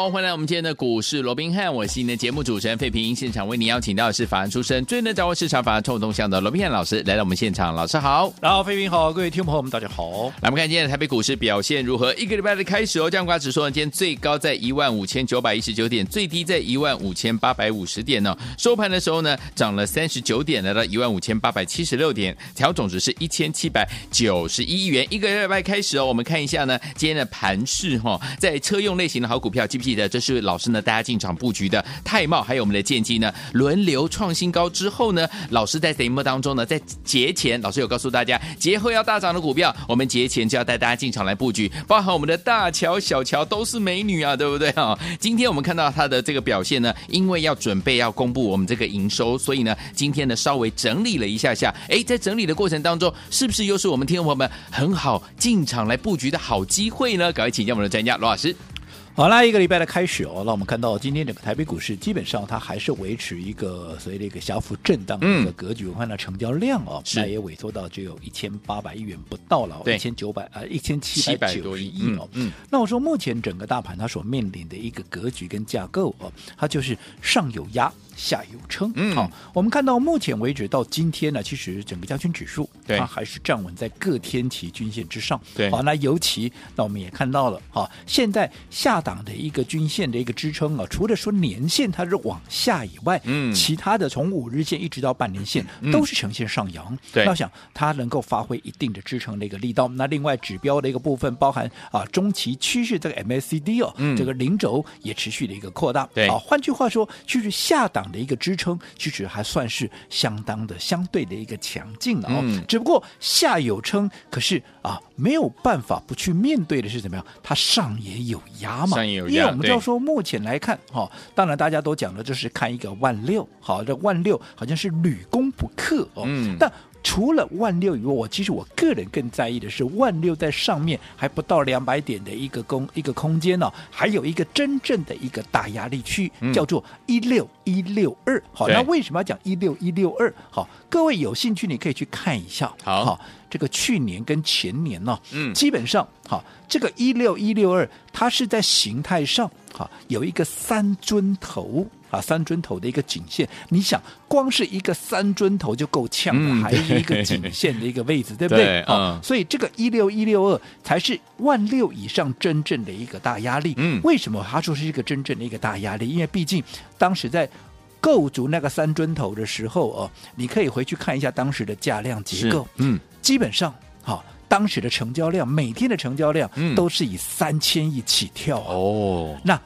好，歡迎來我們今天的股市羅賓漢，我是你的節目主持人費平。現場為您邀請到的是法人出身、最能掌握市場法人操作動向的羅賓漢老師，來到我們現場。老師好，然後費平好，各位聽眾朋友們大家好。來，我們看今天的台北股市表現如何？一個禮拜的開始哦，加權指數，今天最高在一萬五千九百一十九點，最低在一萬五千八百五十點呢、哦。收盤的時候呢，漲了三十九點，來到一萬五千八百七十六點，調總值是一千七百九十一億元。一個禮拜開始哦，我們看一下呢，今天的盤勢哦，在車用類型的好股票 GP。記得這是老師呢，大家進場布局的泰茂，還有我們的建機呢，輪流創新高之後呢，老師在節目當中呢，在節前，老師有告訴大家節後要大漲的股票，我們節前就要帶大家進場來布局，包含我們的大喬、小喬都是美女啊，對不對啊、哦？今天我們看到他的這個表現呢，因為要準備要公布我們這個營收，所以呢，今天呢稍微整理了一下下，哎，在整理的過程當中，是不是又是我們聽眾朋友們很好進場來布局的好機會呢？趕快請教我們的專家羅老師。好啦，一個禮拜的開始哦，那我們看到今天整個台北股市基本上它還是維持一個所謂的一個小幅震盪的格局，我看的成交量哦，嗯、那也萎縮到只有一千八百億元不到了哦，一千九百啊，一千七百多億、呃嗯、九十億哦。嗯，嗯那我說目前整個大盤它所面臨的一個格局跟架構哦，它就是上有壓。下有撐，好、嗯啊，我們看到目前為止到今天呢，其實整個加權指數它對、啊、還是站穩在各天期均線之上。對，好、啊，那尤其那我們也看到了，好、啊，現在下檔的一個均線的一個支撐啊，除了說年線它是往下以外，嗯，其他的從五日線一直到半年線、嗯、都是呈現上揚，對、嗯，要想它能夠發揮一定的支撐的一個力道。對那另外指標的一個部分包含啊中期趨勢這個 MACD 哦，嗯、這個零軸也持續的一個擴大，對，啊，換句話說就是下檔。的一個支撐其實還算是相當的相對的一個強勁的哦，嗯、只不過下有撐，可是啊沒有辦法不去面對的是怎麼樣？他上也有壓嘛，上也有壓，因為我們就要說目前來看哦，當然大家都講的就是看一個萬六，好，這萬六好像是屢攻不克哦，嗯、但。除了萬六以外，我其實我個人更在意的是萬六在上面還不到兩百點的一個空一個空間呢、哦，還有一個真正的一個大壓力區叫做一六一六二。嗯、好，那為什麼要講一六一六二？好，各位有興趣你可以去看一下。好，好，這個去年跟前年呢、哦，嗯，基本上好，這個一六一六二，它是在形態上哈有一個三尊頭。啊，三尊頭的一個頸線，你想光是一個三尊頭就夠嗆了，嗯、還有一個頸線的一個位置，對，對不對？啊、嗯哦，所以這個一六一六二才是萬六以上真正的一個大壓力。嗯，為什麼他說是一個真正的一個大壓力？因為畢竟當時在構築那個三尊頭的時候哦，你可以回去看一下當時的價量結構。嗯，基本上、哦，當時的成交量，每天的成交量都是以三千億起跳、啊、哦。那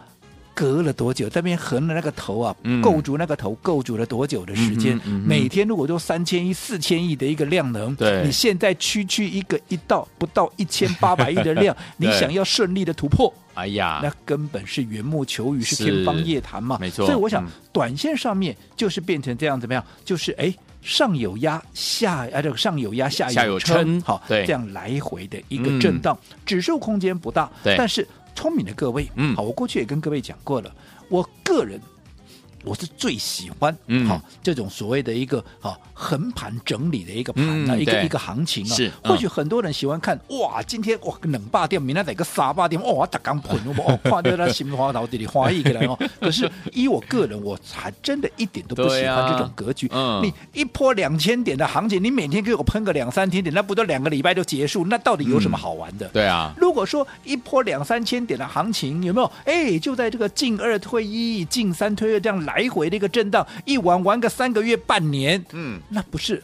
隔了多久？這邊橫的那個頭啊，構築那個頭構築了多久的時間？每天如果都三千億、四千億的一個量能，對你現在區區一個一到不到一千八百億的量，你想要順利的突破，哎呀，那根本是緣木求魚，是天方夜譚嘛。沒錯。所以我想，短線上面就是變成這樣怎麼樣？就是哎，上有壓下啊，這個上有壓下有撐，好，這樣來回的一個震盪，指數空間不大，但是。聰明的各位，嗯，好，我過去也跟各位講過了，我個人。我是最喜歡好、嗯啊，這種所謂的一個好，啊、橫盤整理的一個盤啊，嗯、一個對一個行情啊。是，嗯、或許很多人喜歡看哇，今天哇冷霸店，明天哪一個沙霸店，哦，打剛噴，哦，花掉他新花腦子裡花一個人哦。可是依我個人，我還真的一點都不喜歡這種格局。啊、嗯，你一波兩千點的行情，你每天給我噴個兩三千點，那不都兩個禮拜就結束？那到底有什麼好玩的？嗯、對啊。如果說一波兩三千點的行情有沒有？哎、欸，就在這個進二退一、進三退二這樣來。來回的一個震盪，一玩玩個三個月、半年，嗯，那不是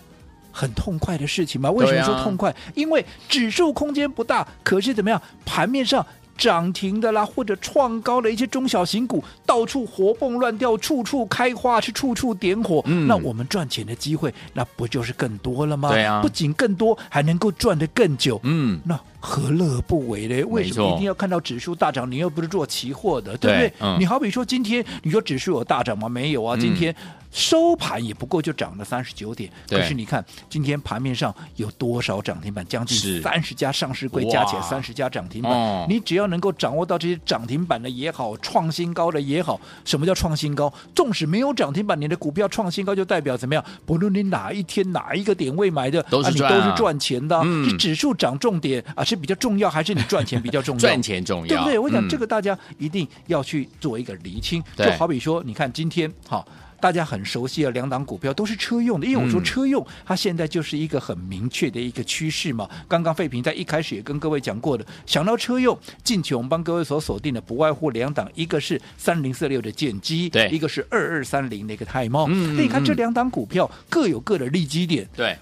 很痛快的事情嗎？為什麼說痛快？啊、因為指數空間不大，可是怎麼樣？盤面上漲停的啦，或者創高的一些中小型股，到處活蹦亂跳，處處開花，去處處點火，嗯，那我們賺錢的機會，那不就是更多了嗎？對呀、啊，不僅更多，還能夠賺得更久，嗯，那。何樂不為呢？為什麼一定要看到指數大漲？你錯又不是做期貨的，對不對？對嗯、你好比說今天，你說指數有大漲嗎？沒有啊。今天收盤也不過就漲了三十九點。嗯、可是你看今天盤面上有多少漲停板？將近三十家上市櫃加起來三十家漲停板。你只要能夠掌握到這些漲停板的也好，創新高的也好，什麼叫創新高？縱使沒有漲停板，你的股票創新高就代表怎麼樣？不論你哪一天哪一個點位買的，都是賺、啊，啊、都是賺錢的、啊。嗯、是指數漲重點啊。是比較重要，還是你賺錢比較重要？ 賺錢重要，對不對？我講這個，大家一定要去做一個釐清。嗯、就好比說，你看今天好、哦，大家很熟悉的兩檔股票都是車用的，因為我說車用，它現在就是一個很明確的一個趨勢嘛。嗯、剛剛費平在一開始也跟各位講過的，想到車用，近期，我們幫各位所鎖定的不外乎兩檔，一個是三零四六的建碁，對，一個是二二三零的一個泰茂、哦。那、嗯嗯、你看這兩檔股票各有各的利基點、嗯嗯，對。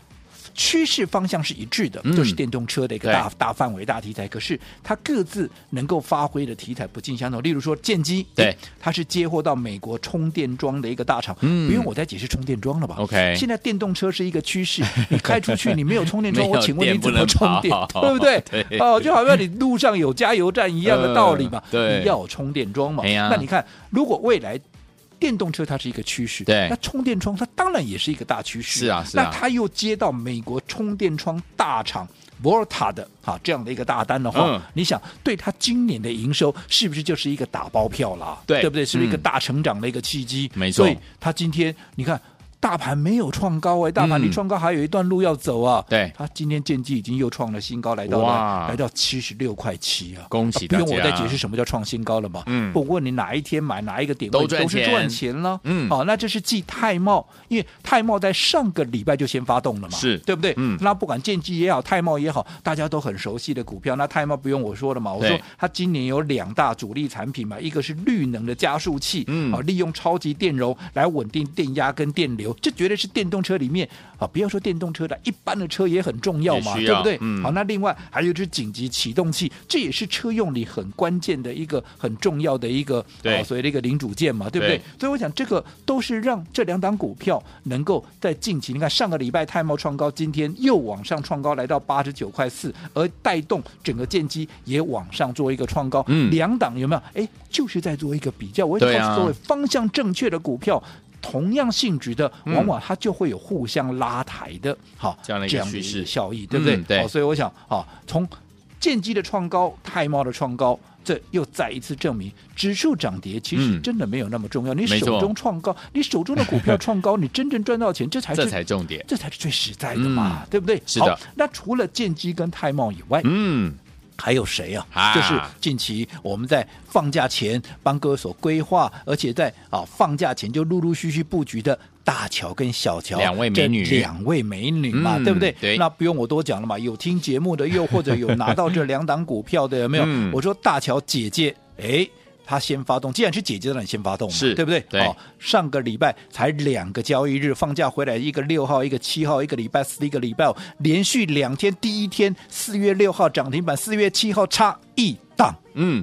趨勢方向是一致的，就是電動車的一個大、嗯、大範圍大題材。可是它各自能夠發揮的題材不盡相同。例如說建機，對，它、嗯、是接貨到美國充電樁的一個大廠。嗯、不用我再解釋充電樁了吧？OK，現在電動車是一個趨勢，你開出去你沒有充電樁， 我請問你怎麼充電，電不對不對？哦對、啊，就好像你路上有加油站一樣的道理嘛、呃。對，你要有充電樁嘛。啊、那你看，如果未來。電動車它是一個趨勢，對，那充電樁它當然也是一個大趨勢，是啊，是啊。那他又接到美國充電樁大廠 Volta 的啊這樣的一個大單的話，嗯、你想對他今年的營收是不是就是一個打包票了，對，對不對？是不是一個大成長的一個契機，嗯、沒錯。所以他今天你看。大盤沒有創高哎、欸，大盤離創高還有一段路要走啊。嗯、對，他、啊、今天建基已經又創了新高，來到了哇來到七十六塊七啊！恭喜大家、啊！不用我再解釋什麼叫創新高了嘛。嗯，不過你哪一天買哪一個點位都，都是賺錢了。嗯、好、啊，那這是繼泰茂，因為泰茂在上個禮拜就先發動了嘛，是對不對？嗯，那不管建基也好，泰茂也好，大家都很熟悉的股票。那泰茂不用我說了嘛，我說他今年有兩大主力產品嘛，一個是綠能的加速器，嗯，啊，利用超級電容來穩定電壓跟電流。這絕對是電動車裡面啊，不要說電動車的，一般的車也很重要嘛，要對不對？嗯、好，那另外還有就是緊急啟動器，這也是車用裡很關鍵的一個很重要的一個啊對、呃，所謂的一個零組件嘛，對，對不對？對，所以我想這個都是讓這兩檔股票能夠在近期，你看上個禮拜泰茂創高，今天又往上創高，來到八十九塊四，而帶動整個劍機也往上做一個創高。嗯、兩檔有沒有？哎，就是在做一個比較。我也告訴各位，方向正確的股票。同樣性質的，往往它就會有互相拉抬的，好、嗯、這樣的一個效益，趨勢對不對？嗯、對、哦。所以我想，好、哦，從建機的創高、泰茂的創高，這又再一次證明，指數漲跌其實真的沒有那麼重要。嗯、你手中創高，你手中的股票創高， 你真正賺到錢，這才是這才重點，這才是最實在的嘛，嗯、對不對？是的。那除了建機跟泰茂以外，嗯。還有誰啊？啊就是近期我們在放假前幫各位所規劃，而且在啊放假前就陸陸續續布局的大喬跟小喬兩位美女，這兩位美女嘛，嗯、對不對？對，那不用我多講了嘛，有聽節目的，又或者有拿到這兩檔股票的，有沒有？ 我說大喬姐姐，哎。他先發動，既然是姐姐讓你先發動嘛，是對不對？對、哦。上個禮拜才兩個交易日，放假回來一個六號，一個七號，一個禮拜，是一個禮拜、哦、連續兩天，第一天四月六號漲停板，四月七號差一檔，嗯，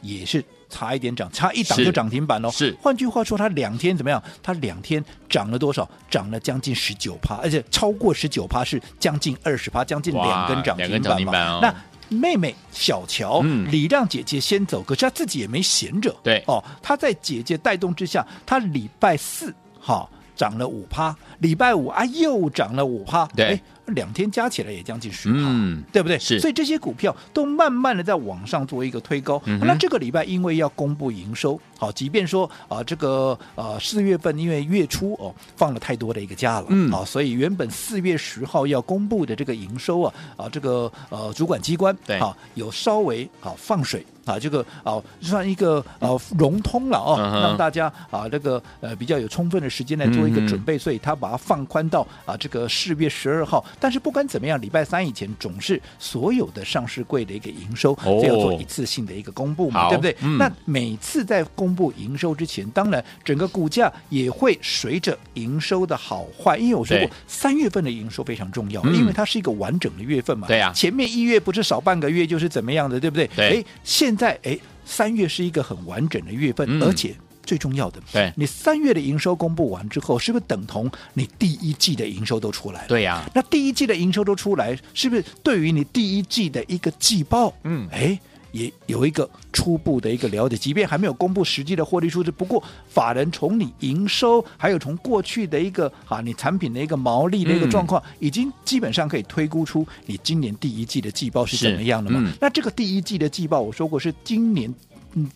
也是差一點漲，差一檔就漲停板咯。是。換句話說，它兩天怎麼樣？它兩天漲了多少？漲了將近十九趴，而且超過十九趴是將近二十趴，將近兩根漲停板嘛。兩根漲停板、哦、那妹妹小喬，禮、嗯、讓姐姐先走，可是她自己也沒閒着。對，哦，她在姐姐帶動之下，她禮拜四好漲、哦、了五趴，禮拜五啊又漲了五趴。對。兩天加起來也將近十號，嗯、對不對？是，所以這些股票都慢慢的在往上做一個推高。嗯、哼那這個禮拜因為要公布營收，好，即便說啊，這個呃四月份因為月初哦放了太多的一個假了，嗯、啊，所以原本四月十號要公布的這個營收啊啊這個呃主管機關對啊有稍微啊放水啊這個啊算一個呃融通了啊、哦，嗯、讓大家啊這個呃比較有充分的時間來做一個準備，嗯、哼所以他把它放寬到啊這個四月十二號。但是不管怎麼樣，禮拜三以前總是所有的上市櫃的一個營收，都、哦、要做一次性的一個公布嘛，好對不對？嗯、那每次在公布營收之前，當然整個股價也會隨着營收的好壞。因為我說過，對三月份的營收非常重要，嗯、因為它是一個完整的月份嘛。對啊，前面一月不是少半個月就是怎麼樣的，對不對？對誒現在誒三月是一個很完整的月份，嗯、而且。最重要的，對你三月的營收公布完之後，是不是等同你第一季的營收都出來了？對呀、啊，那第一季的營收都出來，是不是對於你第一季的一個季報，嗯，哎，也有一個初步的一個了解？即便還沒有公布實際的獲利數字，不過法人從你營收，還有從過去的一個啊，你產品的一個毛利的一個狀況，嗯、已經基本上可以推估出你今年第一季的季報是怎麼樣的嘛？嗯、那這個第一季的季報，我說過是今年，嗯。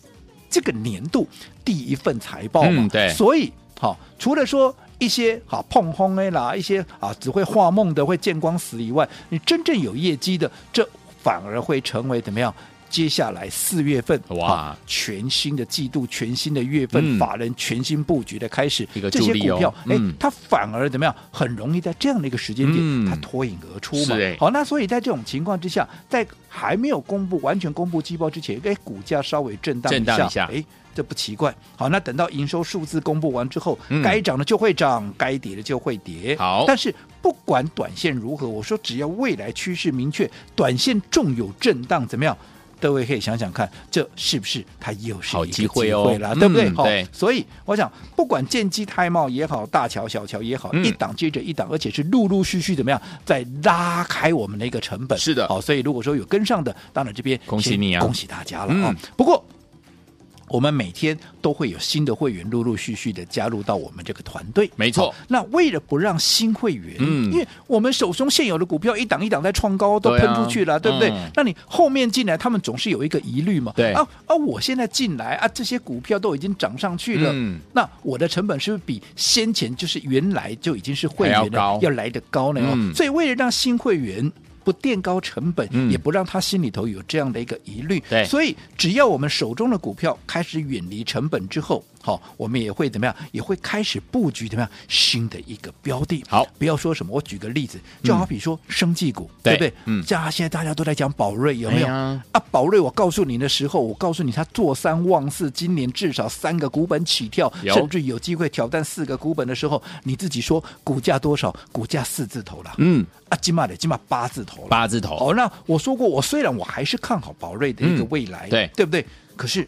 這個年度第一份財報嘛、嗯，對，所以好、哦，除了說一些好、啊、碰轟啦，一些啊只會畫夢的會見光死以外，你真正有業績的，這反而會成為怎麼樣？接下來四月份哇，全新的季度、全新的月份、嗯、法人全新佈局的開始，個哦、這些股票哎、嗯，它反而怎麼樣？很容易在這樣的一個時間點，嗯、它脫穎而出嘛。欸、好，那所以在這種情況之下，在還沒有公布完全公布季報之前，哎，股價稍微震盪一下，哎，這不奇怪。好，那等到營收數字公布完之後，嗯、該漲的就會漲，該跌的就會跌。好，但是不管短線如何，我說只要未來趨勢明確，短線縱有震盪，怎麼樣？各位可以想想看，這是不是他又是一個機會哦，嗯、對不對？對，所以我想，不管建機台貿也好，大橋小橋也好，嗯、一檔接着一檔，而且是陸陸續續怎麼樣在拉開我們的一個成本。是的，好，所以如果說有跟上的，當然這邊恭喜你啊，恭喜大家了、啊。嗯，不過。我們每天都會有新的會員陸陸續續的加入到我們這個團隊，沒錯、哦。那為了不讓新會員，嗯，因為我們手中現有的股票一檔一檔在創高，都噴出去了、啊，對，啊嗯、對不對？那你後面進來，他們總是有一個疑慮嘛，對啊。而、啊、我現在進來啊，這些股票都已經漲上去了，嗯、那我的成本是不是比先前就是原來就已經是會員要，要來得高了？嗯、所以為了讓新會員。不墊高成本，也不讓他心裡頭有這樣的一個疑慮。嗯，對，所以只要我們手中的股票開始遠離成本之後。好、哦，我們也會怎麼樣？也會開始佈局怎麼樣新的一個標的？好，不要說什麼。我舉個例子，就好比說生技股，嗯、對不對？嗯。像現在大家都在講寶瑞有沒有、哎、呀啊？寶瑞，我告訴你的時候，我告訴你，他坐三望四，今年至少三個股本起跳，有甚至有機會挑戰四個股本的時候，你自己說股價多少？股價四字頭了，嗯啊，起碼得起碼八字頭了，八字頭。好，那我說過，我雖然我還是看好寶瑞的一個未來，對、嗯、對不對？對可是。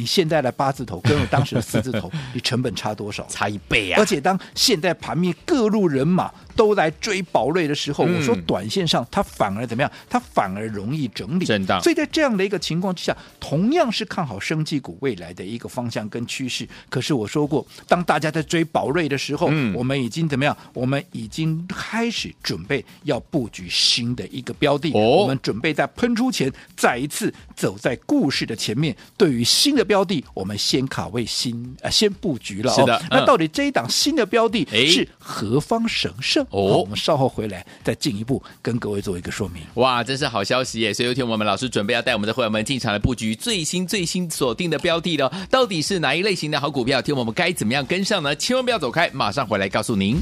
你現在的八字頭跟我當時的四字頭， 你成本差多少？差一倍啊！而且當現在盤面各路人馬，都來追保瑞的時候，嗯、我說短線上它反而怎麼樣？它反而容易整理，震盪。所以在這樣的一個情況之下，同樣是看好生技股未來的一個方向跟趨勢。可是我說過，當大家在追保瑞的時候，嗯、我們已經怎麼樣？我們已經開始準備要佈局新的一個標的。哦、我們準備在噴出前再一次走在故事的前面。對於新的標的，我們先卡位新、呃、先佈局了、哦。是的。嗯、那到底這一檔新的標的是何方神聖？哎哦、oh，我們稍後回來再進一步跟各位做一個說明。哇，真是好消息耶！所以今天我們老師準備要帶我們的會員們進場來布局最新最新鎖定的標的了。到底是哪一類型的好股票？聽我們該怎麼樣跟上呢？千萬不要走開，馬上回來告訴您。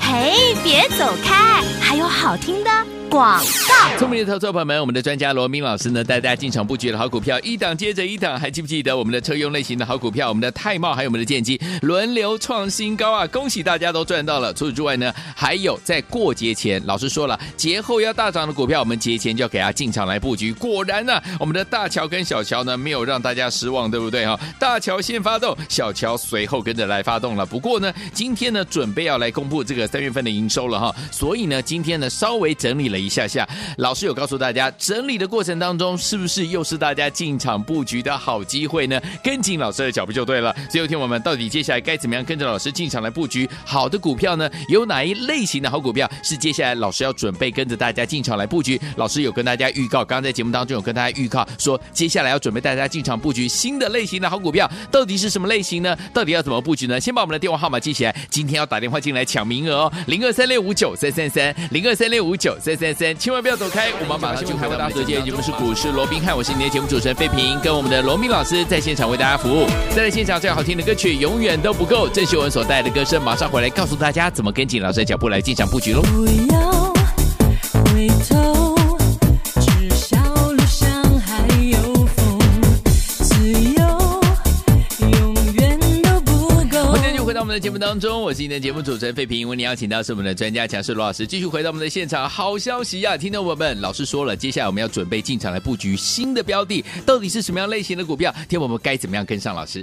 嘿，別走開，還有好聽的。廣大聰明的投資朋友們，我們的專家羅明老師呢，帶大家進場布局的好股票，一檔接着一檔，還記不記得我們的車用類型的好股票，我們的泰茂還有我們的建機，輪流創新高啊！恭喜大家都賺到了。除此之外呢，還有在過節前，老師說了，節後要大漲的股票，我們節前就要給他進場來布局。果然呢、啊，我們的大喬跟小喬呢，沒有讓大家失望，對不對哈？大喬先發動，小喬隨後跟着來發動了。不過呢，今天呢，準備要來公布這個三月份的營收了哈，所以呢，今天呢，稍微整理了。一下下，老師有告訴大家，整理的過程當中，是不是又是大家進場布局的好機會呢？跟緊老師的腳步就對了。最後，聽我們，到底接下來該怎麼樣跟着老師進場來布局好的股票呢？有哪一類型的好股票是接下來老師要準備跟着大家進場來布局？老師有跟大家預告，剛剛在節目當中有跟大家預告說，接下來要準備大家進場布局新的類型的好股票，到底是什麼類型呢？到底要怎麼布局呢？先把我們的電話號碼記起來，今天要打電話進來搶名額哦，零二三六五九三三三，零二三六五九三三三。千萬不要走開，我們馬上就回到大直播間。節目是股市羅賓漢，我是你的節目主持人費平，跟我們的羅賓老師在現場為大家服務。再來現場最好聽的歌曲永遠都不夠，鄭秀文所帶來的歌聲馬上回來，告訴大家怎麼跟緊老師的腳步來進場布局嘍。當中，我是今天節目主持人費平，為您邀請到是我們的專家講師羅老師，繼續回到我們的現場。好消息呀、啊，聽到我們，老師說了，接下來我們要準備進場來布局新的標的，到底是什麼樣類型的股票？聽我們，該怎麼樣跟上老師？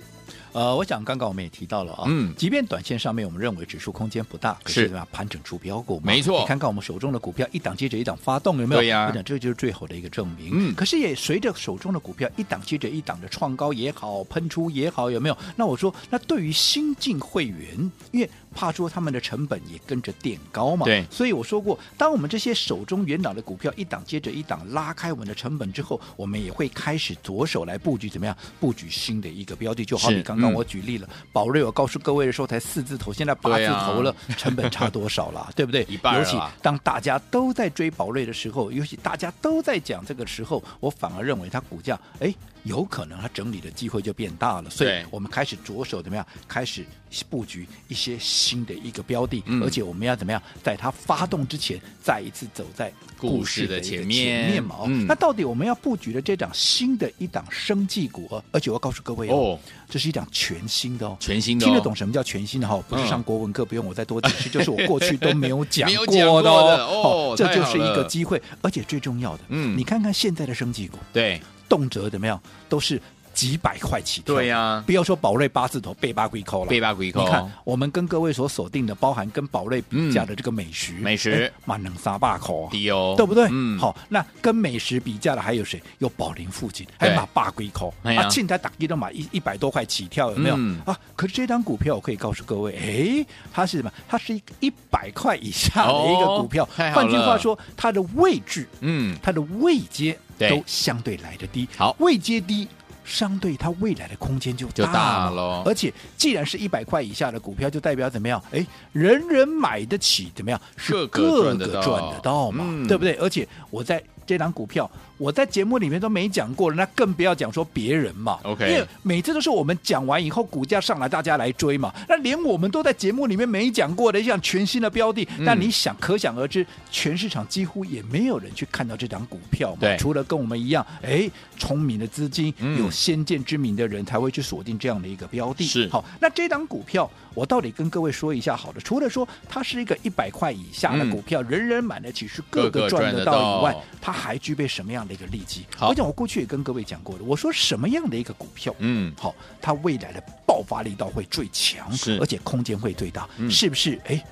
呃，我想剛剛我們也提到了啊，嗯，即便短線上面我們認為指數空間不大，可是吧？是盤整出標的。沒錯。你看看我們手中的股票一檔接着一檔發動有沒有？對呀、啊，這就是最好的一個證明。嗯，可是也隨着手中的股票一檔接着一檔的創高也好，噴出也好，有沒有？那我說，那對於新進會員，因為怕說他們的成本也跟着墊高嘛，對。所以我說過，當我們這些手中元檔的股票一檔接着一檔拉開我們的成本之後，我們也會開始著手來布局，怎麼樣布局新的一個標的，就好比剛剛。嗯嗯、我舉例了，保瑞，我告訴各位的時候才四字頭，現在八字頭了，對啊、 成本差多少了，對不對？尤其當大家都在追保瑞的時候，尤其大家都在講這個時候，我反而認為它股價，哎。有可能它整理的機會就變大了，所以我們開始着手怎麼樣？開始布局一些新的一個標的，嗯、而且我們要怎麼樣？在它發動之前，再一次走在故事的前面，故事的前面。面、嗯、那到底我們要布局的這檔新的一檔生技股，啊？而且我要告訴各位哦，哦這是一檔全新的哦，全新的、哦，聽得懂什麼叫全新的哈、哦？不是上國文課，不用我再多解釋，嗯、就是我過去都沒有講過的，哦，講過的哦，哦，這就是一個機會，而且最重要的，嗯，你看看現在的生技股，對。動輒怎麼樣，都是幾百塊起跳，對呀，不要說寶瑞八字頭八百幾塊了，八百幾塊。你看，我們跟各位所鎖定的，包含跟寶瑞比價的這個美食，美食滿兩三百塊，對哦，對不對？好，那跟美食比價的還有誰？有寶林附近，還有嘛八百幾塊，啊，慶大打雞都嘛一一百多塊起跳，有沒有啊？可是這張股票，我可以告訴各位，哎，它是什麼？它是一百塊以下的一個股票。換句話說，它的位置，嗯，它的位階都相對來得低，好，位階低。相對它未來的空間就就大了，大而且既然是一百塊以下的股票，就代表怎麼樣？哎，人人買得起，怎麼樣？是個個賺得到嘛，對不對？而且我在這檔股票。我在節目裡面都沒講過，那更不要講說別人嘛。OK，因為每次都是我們講完以後，股價上來，大家來追嘛。那連我們都在節目裡面沒講過的像全新的標的，那、嗯、你想可想而知，全市場幾乎也沒有人去看到這檔股票嘛。對除了跟我們一樣，哎，聰明的資金、嗯、有先見之明的人才會去鎖定這樣的一個標的。是，好，那這檔股票我到底跟各位說一下，好的，除了說它是一個一百塊以下的股票，嗯、人人買得起，是各個賺得到以外，哦、它還具備什麼樣？那個利基，而且好我，我過去也跟各位講過的，我說什麼樣的一個股票，嗯，好，它未來的爆發力道會最強，是而且空間會最大，嗯、是不是？哎、欸，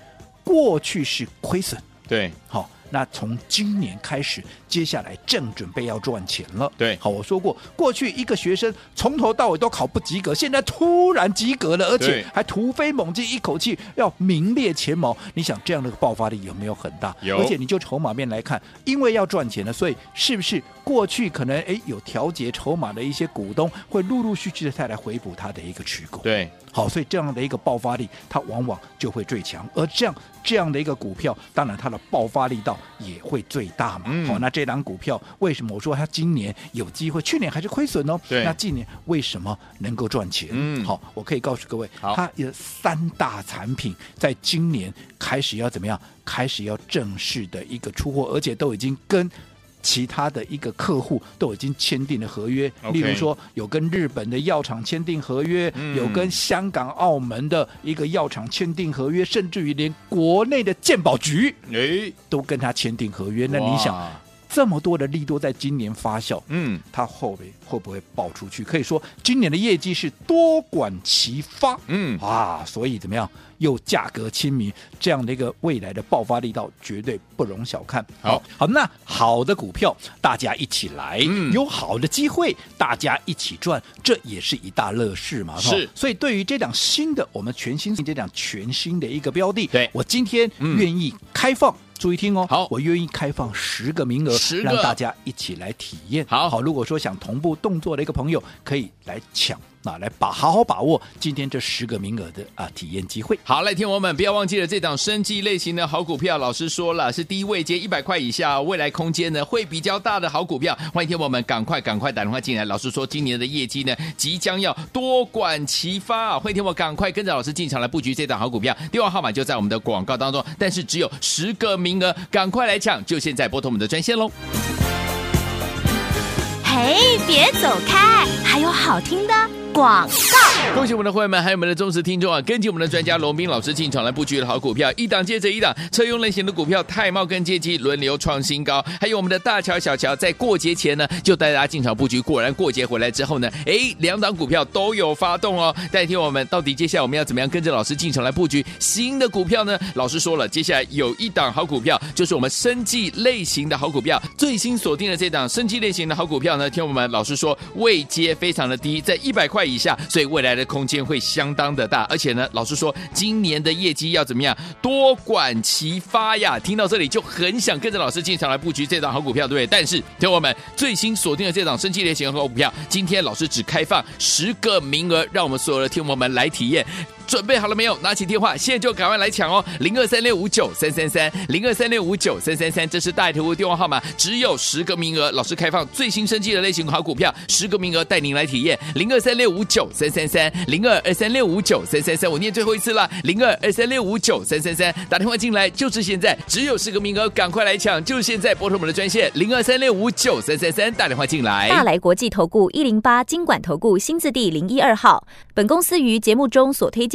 過去是虧損，對，好。那從今年開始，接下來正準備要賺錢了。對，好，我說過，過去一個學生從頭到尾都考不及格，現在突然及格了，而且還突飛猛進，一口氣要名列前茅。對你想這樣的一個爆發力有沒有很大？有。而且你就籌碼面來看，因為要賺錢了，所以是不是過去可能哎有調節籌碼的一些股東會陸陸續續的再來回補他的一個持股？對，好，所以這樣的一個爆發力，它往往就會最強。而這樣這樣的一個股票，當然它的爆發力到。也會最大嘛？好、嗯哦，那這檔股票為什麼我說它今年有機會？去年還是虧損哦。對那今年為什麼能夠賺錢？好、嗯哦，我可以告訴各位，好它有三大產品，在今年開始要怎麼樣？開始要正式的一個出貨，而且都已經跟。其他的一個客戶都已經簽訂了合約，例如說有跟日本的藥廠簽訂合約，有跟香港、澳門的一個藥廠簽訂合約，甚至於連國內的健保局，哎，都跟他簽訂合約。那你想？這麼多的利多在今年發酵，嗯，它後面會不會爆出去？可以說今年的業績是多管齊發，嗯，啊，所以怎麼樣？又價格親民，這樣的一個未來的爆發力道絕對不容小看。好、哦嗯、好，那好的股票大家一起來，嗯、有好的機會大家一起賺，這也是一大樂事嘛。是、哦，所以對於這檔新的，我們全新這檔全新的一個標的，對我今天願意開放。嗯注意聽哦！好，我願意開放十個名額，十個，讓大家一起來體驗。好，好，如果說想同步動作的一個朋友，可以來搶。啊，來把好好把握今天這十個名額的啊體驗機會。好嘞，聽友們不要忘記了，這檔生技類型的好股票，老師說了是低位接一百塊以下，未來空間呢會比較大的好股票。歡迎聽友們趕快趕快打電話進來，老師說今年的業績呢即將要多管齊發，啊，歡迎聽友們趕快跟着老師進場來布局這檔好股票。電話號碼就在我們的廣告當中，但是只有十個名額，趕快來搶！就現在撥通我們的專線嘍。嘿，別走開，還有好聽的。廣告，恭喜我們的會員們，還有我們的忠實聽眾啊！根據我們的專家羅賓老師進場來布局的好股票，一檔接着一檔，車用類型的股票泰茂跟捷機輪流創新高，還有我們的大喬小喬在過節前呢，就帶大家進場布局，果然過節回來之後呢，誒，兩檔股票都有發動哦！帶聽我們，到底接下來我們要怎麼樣跟着老師進場來布局新的股票呢？老師說了，接下來有一檔好股票，就是我們生技類型的好股票，最新鎖定的這檔生技類型的好股票呢。聽我們，老師說位階非常的低，在一百塊。一下，所以未來的空間會相當的大，而且呢，老師說今年的業績要怎麼樣，多管齊發呀。聽到這裡就很想跟着老師進場來布局這檔好股票，對不對？但是聽友們最新鎖定的這檔升級類型好股票，今天老師只開放十個名額，讓我們所有的聽友們來體驗。準備好了沒有？拿起電話，現在就趕快來搶哦！零二三六五九三三三，零二三六五九三三三，這是大頭屋電話號碼，只有十個名額，老師開放最新升級的類型好股票，十個名額帶您來體驗。零二三六五九三三三，零二二三六五九三三三，我念最後一次了，零二二三六五九三三三，打電話進來就是現在，只有十個名額，趕快來搶，就是現在，撥通我們的專線零二三六五九三三三，33, 打電話進來。大來國際投顧一零八金管投顧新字第零一二號，本公司於節目中所推薦。